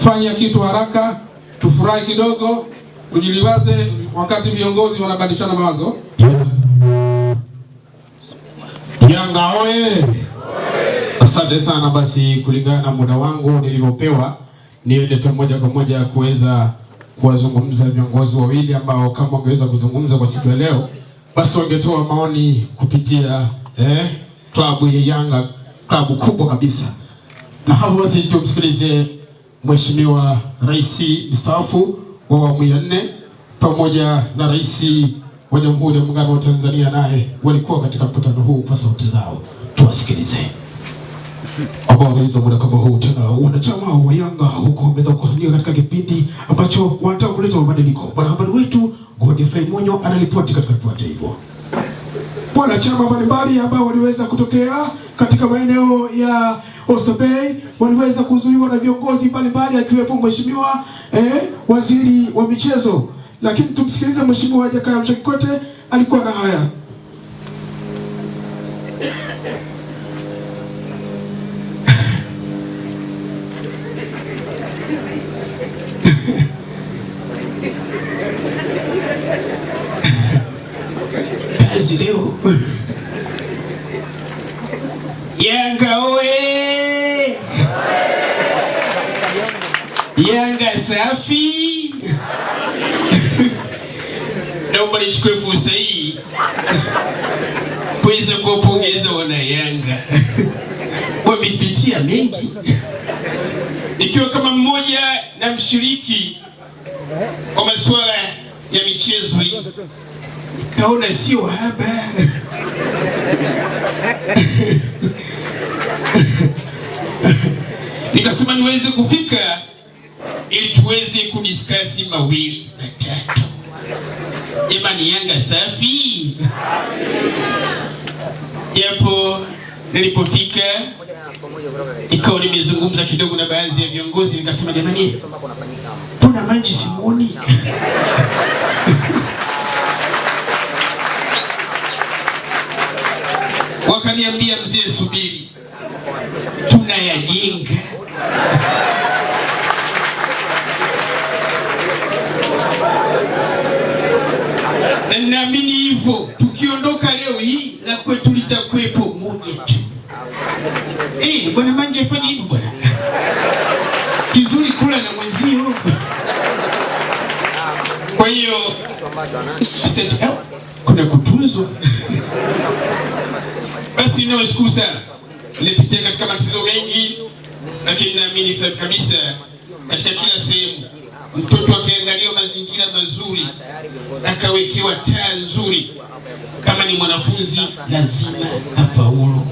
fanya kitu haraka, tufurahi kidogo, tujiliwaze wakati viongozi wanabadilishana mawazo. Yanga oye! Asante sana. Basi kulingana na muda wangu nilivyopewa, niende tu moja kwa moja kuweza kuwazungumza viongozi wawili ambao kama wangeweza kuzungumza kwa siku ya leo, basi wangetoa maoni kupitia eh, klabu ya Yanga, klabu kubwa kabisa na hapo basi tumsikilize Mheshimiwa Rais mstaafu wa awamu ya nne pamoja na Rais wa Jamhuri ya Muungano wa Tanzania, naye walikuwa katika mkutano huu kwa sauti zao, tuwasikilize. Ambaaliza muda kama huu tena wanachama wa Yanga huko wameweza kukusanyika katika kipindi ambacho wanataka kuleta mabadiliko. Mwanahabari wetu Godfrey Munyo anaripoti katika ripoti hivyo wanachama mbalimbali ambao waliweza kutokea katika maeneo ya Oysterbay waliweza kuzuiwa na viongozi mbalimbali akiwepo mheshimiwa eh, waziri wa michezo, lakini tumsikilize mheshimiwa Jakaya Mrisho Kikwete alikuwa na haya. Azileo Yanga oye! Yanga safi! Naomba nichukue fursa hii kuweza kuwapongeza wana Yanga wamepitia mengi, nikiwa kama mmoja na mshiriki kwa masuala ya michezo nikaona sio haba nikasema niweze kufika ili tuweze kudiskasi mawili matatu. Jamani, Yanga safi. Japo nilipofika ikawa nimezungumza kidogo na baadhi ya viongozi, nikasema jamani, mbona manji simuoni? wakaniambia mzee, subiri, tunayajenga. na ninaamini hivyo, tukiondoka leo hii la kwetu litakwepo moja tu. Eh, bwana Manje, afanye hivyo bwana kizuri, kula na mwenzio. Kwa hiyo eh, kuna kutunzwa basi nawashukuru sana, nilipitia katika matatizo mengi, lakini naamini kabisa katika kila sehemu mtoto akiangaliwa mazingira mazuri akawekewa taa nzuri, kama ni mwanafunzi lazima afaulu.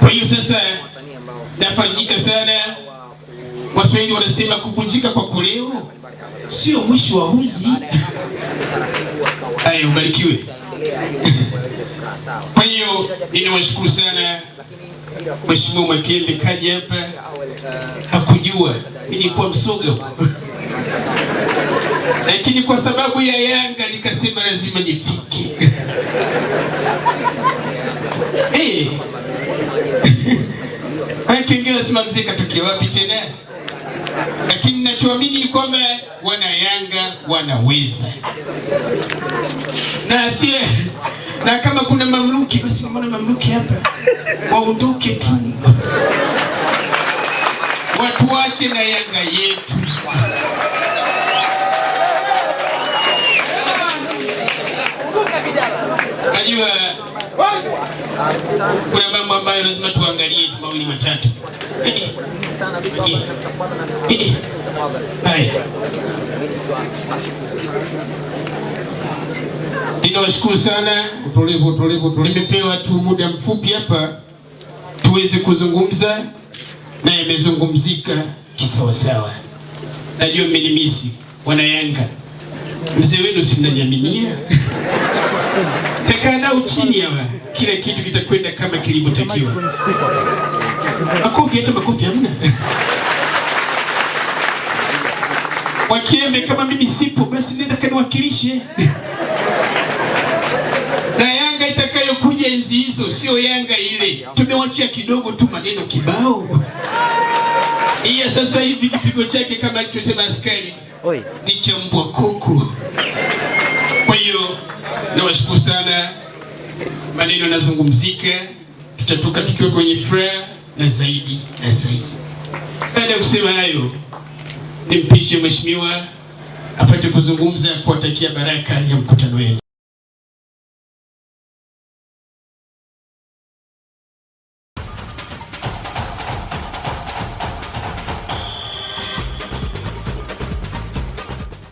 Kwa hiyo sasa nafanyika sana. Waswahili wanasema kuvunjika kwa kuleo sio mwisho wa hunzi. Haya, ubarikiwe. Kwa hiyo ninawashukuru sana Mheshimiwa Mwakembe kaja hapa, eh, hakujua nilikuwa Msoga lakini kwa sababu ya Yanga nikasema lazima nifike. hey. Wengine katokea wapi tena, lakini nachoamini ni kwamba wana Yanga wanaweza na sie na kama kuna mamluki basi mbona mamluki hapa waondoke tu, watuache na Yanga yetu. Najua kuna mambo ambayo lazima tuangalie mawili matatu. Eh, eh, eh. Haya. Ninawashukuru sana, utulivu utulivu. Tulimepewa tu muda mfupi hapa tuweze kuzungumza na yamezungumzika kisawasawa. Najua mmenimisi wana Yanga, mzee wenu simnanyaminia takaa nao chini hapa, kila kitu kitakwenda kama kilivyotakiwa. Makofi, hata makofi hamna. Makembe, kama mimi sipo basi nenda kaniwakilishe na Yanga itakayokuja enzi hizo sio Yanga ile. Tumewachia kidogo tu maneno kibao. Iya sasa hivi kipigo chake kama alichosema askari ni cha mbwa kuku. Kwa hiyo nawashukuru sana, maneno yanazungumzika, tutatoka tukiwa kwenye furaha na zaidi na zaidi. Baada ya kusema hayo nimpishe mheshimiwa apate kuzungumza kuwatakia baraka ya mkutano wenu.